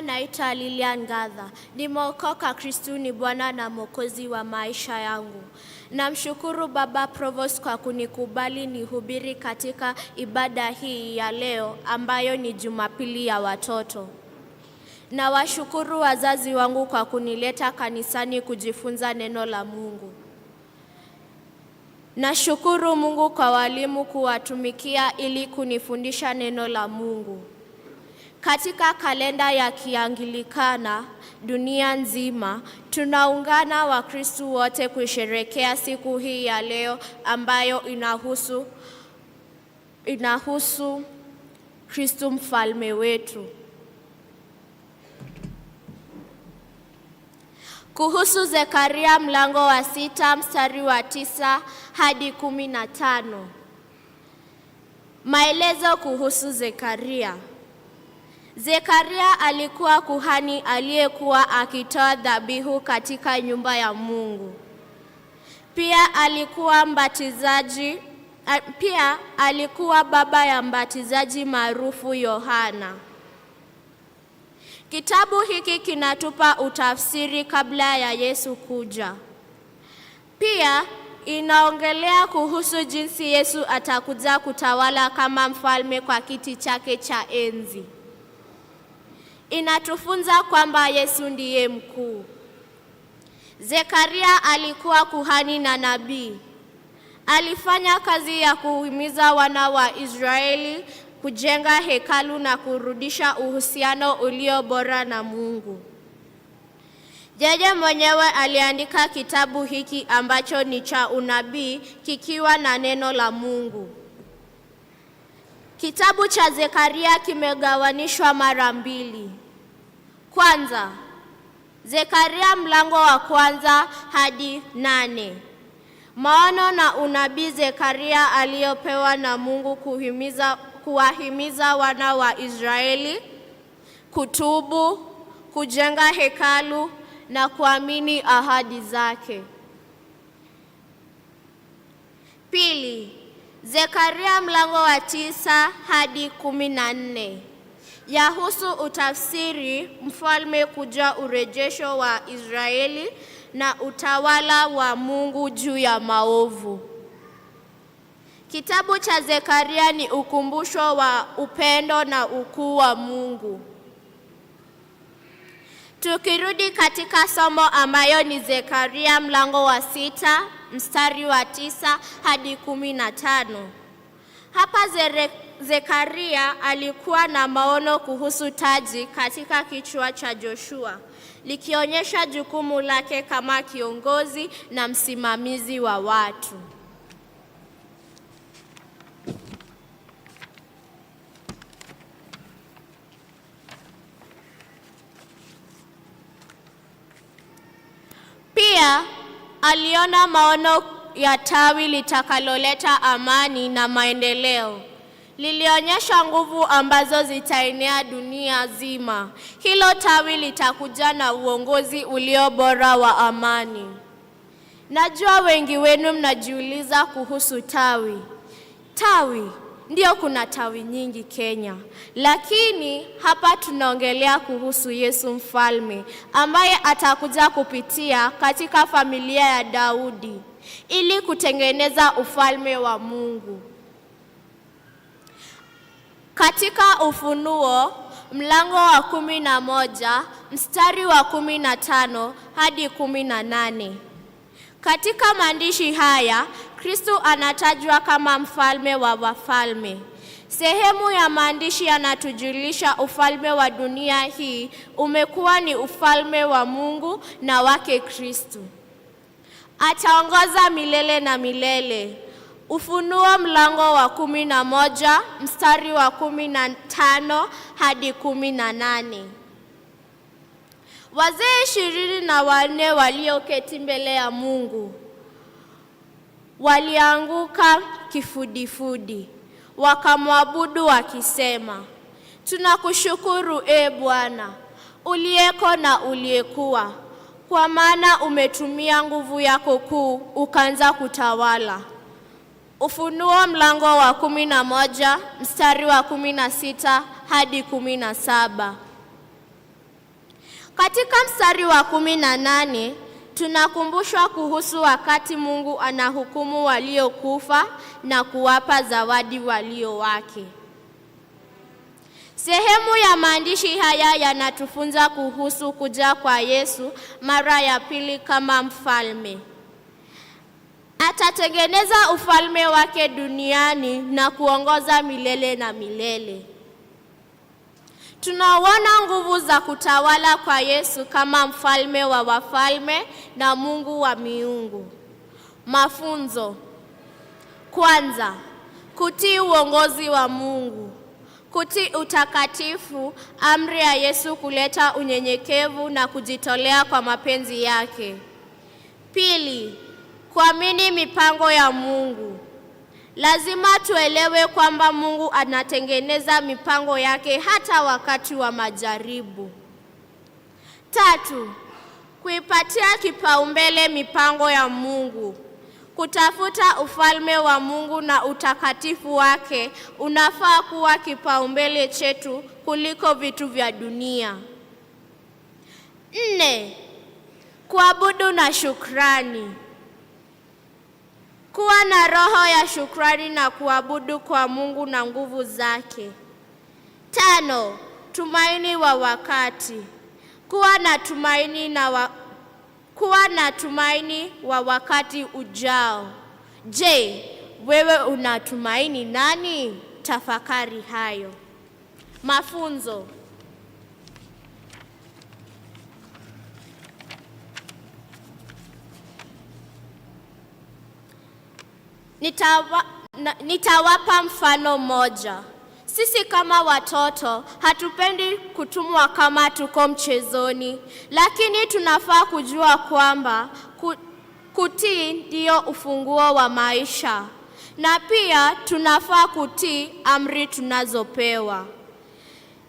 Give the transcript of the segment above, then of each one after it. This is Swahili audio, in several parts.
naitwa Lilian Gadha, nimeokoka Kristu ni Bwana na Mwokozi wa maisha yangu. Namshukuru Baba Provost kwa kunikubali nihubiri katika ibada hii ya leo ambayo ni Jumapili ya watoto. Nawashukuru wazazi wangu kwa kunileta kanisani kujifunza neno la Mungu. Nashukuru Mungu kwa walimu kuwatumikia ili kunifundisha neno la Mungu. Katika kalenda ya Kianglikana dunia nzima tunaungana Wakristo wote kusherekea siku hii ya leo ambayo inahusu inahusu Kristo mfalme wetu. Kuhusu Zekaria mlango wa sita mstari wa tisa hadi kumi na tano. Maelezo kuhusu Zekaria. Zekaria alikuwa kuhani aliyekuwa akitoa dhabihu katika nyumba ya Mungu. Pia alikuwa mbatizaji, pia alikuwa baba ya mbatizaji maarufu Yohana. Kitabu hiki kinatupa utafsiri kabla ya Yesu kuja. Pia inaongelea kuhusu jinsi Yesu atakuja kutawala kama mfalme kwa kiti chake cha enzi inatufunza kwamba Yesu ndiye mkuu. Zekaria alikuwa kuhani na nabii. Alifanya kazi ya kuhimiza wana wa Israeli kujenga hekalu na kurudisha uhusiano ulio bora na Mungu. Yeye mwenyewe aliandika kitabu hiki ambacho ni cha unabii kikiwa na neno la Mungu. Kitabu cha Zekaria kimegawanishwa mara mbili. Kwanza, Zekaria mlango wa kwanza hadi nane. Maono na unabii Zekaria aliyopewa na Mungu kuhimiza, kuwahimiza wana wa Israeli kutubu, kujenga hekalu na kuamini ahadi zake. Pili, Zekaria mlango wa tisa hadi kumi na nne yahusu utafsiri, mfalme kuja urejesho wa Israeli na utawala wa Mungu juu ya maovu. Kitabu cha Zekaria ni ukumbusho wa upendo na ukuu wa Mungu. Tukirudi katika somo ambayo ni Zekaria mlango wa sita mstari wa tisa hadi kumi na tano. Hapa Zekaria alikuwa na maono kuhusu taji katika kichwa cha Joshua, likionyesha jukumu lake kama kiongozi na msimamizi wa watu. Pia aliona maono ya tawi litakaloleta amani na maendeleo lilionyesha nguvu ambazo zitaenea dunia zima. Hilo tawi litakuja na uongozi ulio bora wa amani. Najua wengi wenu mnajiuliza kuhusu tawi. Tawi ndio, kuna tawi nyingi Kenya, lakini hapa tunaongelea kuhusu Yesu mfalme ambaye atakuja kupitia katika familia ya Daudi ili kutengeneza ufalme wa Mungu. Katika Ufunuo mlango wa kumi na moja mstari wa kumi na tano hadi kumi na nane. Katika maandishi haya Kristu anatajwa kama mfalme wa wafalme. Sehemu ya maandishi yanatujulisha ufalme wa dunia hii umekuwa ni ufalme wa Mungu na wake Kristu. Ataongoza milele na milele. Ufunuo mlango wa kumi na moja mstari wa kumi na tano hadi kumi na nane. Wazee ishirini na wanne walioketi mbele ya Mungu walianguka kifudifudi, wakamwabudu wakisema, tunakushukuru e Bwana uliyeko na uliyekuwa, kwa maana umetumia nguvu yako kuu ukaanza kutawala. Ufunuo mlango wa kumi na moja mstari wa kumi na sita hadi kumi na saba. Katika mstari wa kumi na nane tunakumbushwa kuhusu wakati Mungu anahukumu waliokufa na kuwapa zawadi walio wake. Sehemu ya maandishi haya yanatufunza kuhusu kuja kwa Yesu mara ya pili kama mfalme. Atatengeneza ufalme wake duniani na kuongoza milele na milele. Tunaona nguvu za kutawala kwa Yesu kama mfalme wa wafalme na Mungu wa miungu. Mafunzo: kwanza, kutii uongozi wa Mungu. Kutii utakatifu, amri ya Yesu kuleta unyenyekevu na kujitolea kwa mapenzi yake. Pili, kuamini mipango ya Mungu. Lazima tuelewe kwamba Mungu anatengeneza mipango yake hata wakati wa majaribu. Tatu, kuipatia kipaumbele mipango ya Mungu. Kutafuta ufalme wa Mungu na utakatifu wake unafaa kuwa kipaumbele chetu kuliko vitu vya dunia. Nne, kuabudu na shukrani kuwa na roho ya shukrani na kuabudu kwa Mungu na nguvu zake. Tano, tumaini wa wakati kuwa na tumaini na wa, kuwa na tumaini wa wakati ujao. Je, wewe unatumaini nani? Tafakari hayo. Mafunzo. Nitawa, nitawapa mfano mmoja. Sisi kama watoto hatupendi kutumwa kama tuko mchezoni, lakini tunafaa kujua kwamba kutii ndio ufunguo wa maisha, na pia tunafaa kutii amri tunazopewa.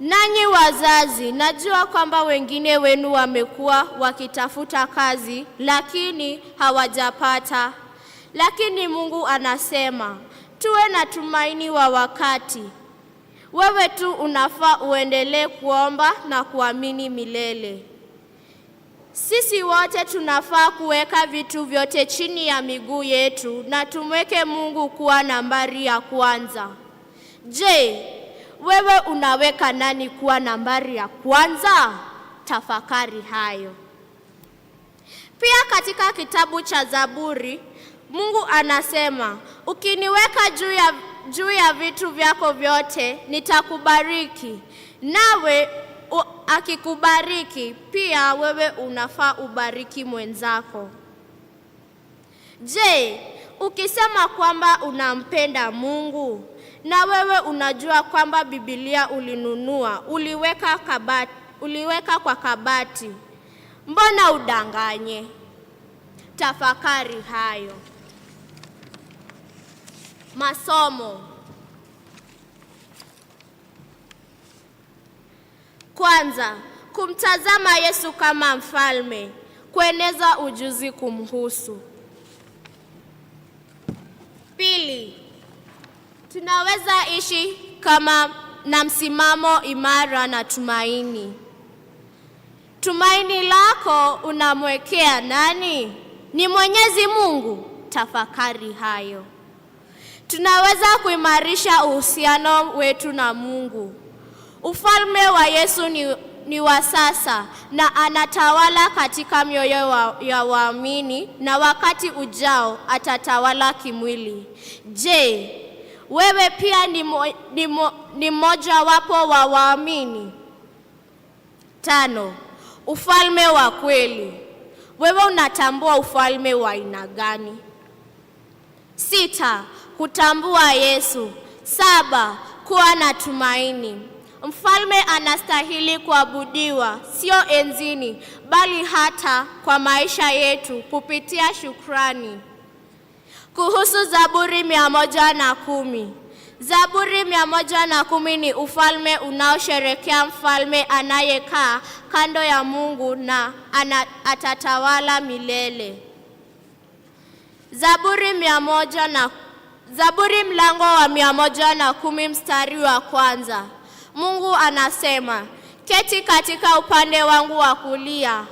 Nanyi wazazi, najua kwamba wengine wenu wamekuwa wakitafuta kazi lakini hawajapata lakini Mungu anasema tuwe na tumaini wa wakati. Wewe tu unafaa uendelee kuomba na kuamini milele. Sisi wote tunafaa kuweka vitu vyote chini ya miguu yetu na tumweke Mungu kuwa nambari ya kwanza. Je, wewe unaweka nani kuwa nambari ya kwanza? Tafakari hayo. Pia katika kitabu cha Zaburi Mungu anasema, ukiniweka juu ya, juu ya vitu vyako vyote nitakubariki. Nawe u, akikubariki pia wewe unafaa ubariki mwenzako. Je, ukisema kwamba unampenda Mungu na wewe unajua kwamba Biblia ulinunua uliweka, kabati, uliweka kwa kabati, mbona udanganye? Tafakari hayo masomo. Kwanza, kumtazama Yesu kama mfalme, kueneza ujuzi kumhusu. Pili, tunaweza ishi kama na msimamo imara na tumaini. Tumaini lako unamwekea nani? Ni Mwenyezi Mungu. Tafakari hayo tunaweza kuimarisha uhusiano wetu na Mungu. Ufalme wa Yesu ni, ni wa sasa na anatawala katika mioyo wa, ya waamini na wakati ujao atatawala kimwili. Je, wewe pia ni, mo, ni, mo, ni mmoja wapo wa waamini? Tano, ufalme wa kweli. Wewe unatambua ufalme wa aina gani? Sita, kutambua Yesu. Saba, kuwa na tumaini. Mfalme anastahili kuabudiwa sio enzini, bali hata kwa maisha yetu kupitia shukrani. Kuhusu Zaburi mia moja na kumi. Zaburi mia moja na kumi ni ufalme unaosherekea mfalme anayekaa kando ya Mungu na ana, atatawala milele. Zaburi mia moja na Zaburi mlango wa mia moja na kumi mstari wa kwanza. Mungu anasema, keti katika upande wangu wa kulia.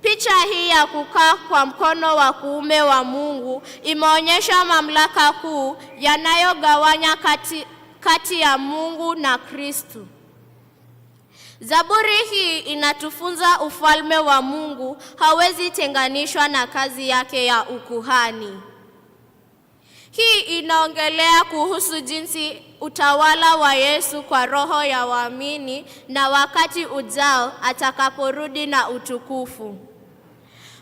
Picha hii ya kukaa kwa mkono wa kuume wa Mungu imeonyesha mamlaka kuu yanayogawanya kati, kati ya Mungu na Kristu. Zaburi hii inatufunza ufalme wa Mungu hawezi tenganishwa na kazi yake ya ukuhani. Hii inaongelea kuhusu jinsi utawala wa Yesu kwa roho ya waamini na wakati ujao atakaporudi na utukufu.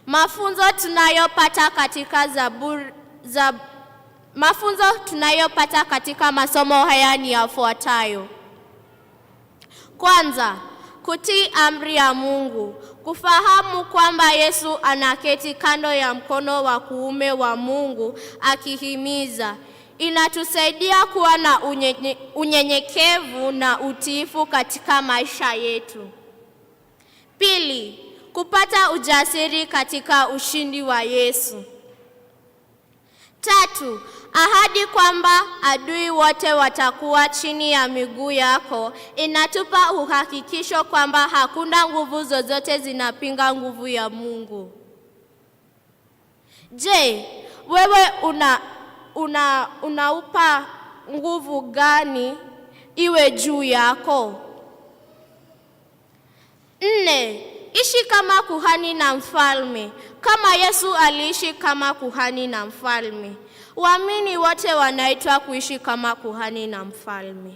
Mafunzo tunayopata katika Zaburi, zab, mafunzo tunayopata katika masomo haya ni yafuatayo. Kwanza, kutii amri ya Mungu kufahamu kwamba Yesu anaketi kando ya mkono wa kuume wa Mungu akihimiza inatusaidia kuwa na unyenyekevu unyenyekevu na utiifu katika maisha yetu. Pili, kupata ujasiri katika ushindi wa Yesu. Tatu, ahadi kwamba adui wote watakuwa chini ya miguu yako inatupa uhakikisho kwamba hakuna nguvu zozote zinapinga nguvu ya Mungu. Je, wewe una, una, unaupa nguvu gani iwe juu yako? Nne, ishi kama kuhani na mfalme, kama Yesu aliishi kama kuhani na mfalme. Waamini wote wanaitwa kuishi kama kuhani na mfalme.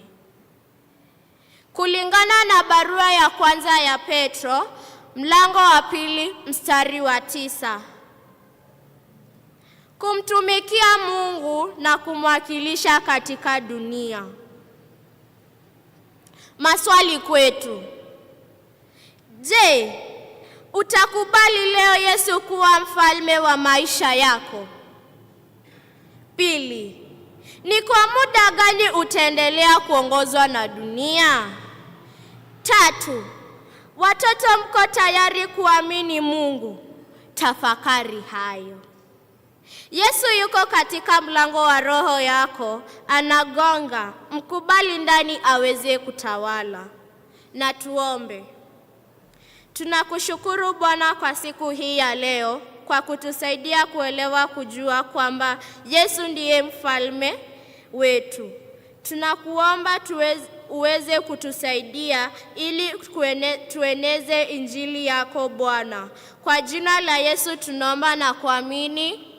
Kulingana na barua ya kwanza ya Petro, mlango wa pili mstari wa tisa. Kumtumikia Mungu na kumwakilisha katika dunia. Maswali kwetu. Je, utakubali leo Yesu kuwa mfalme wa maisha yako? Pili, ni kwa muda gani utaendelea kuongozwa na dunia? Tatu, watoto mko tayari kuamini Mungu? Tafakari hayo. Yesu yuko katika mlango wa roho yako, anagonga. Mkubali ndani aweze kutawala. Na tuombe. Tunakushukuru Bwana kwa siku hii ya leo kwa kutusaidia kuelewa kujua kwamba Yesu ndiye mfalme wetu. Tunakuomba tuweze, uweze kutusaidia ili kuene, tueneze injili yako Bwana. Kwa jina la Yesu tunaomba na kuamini.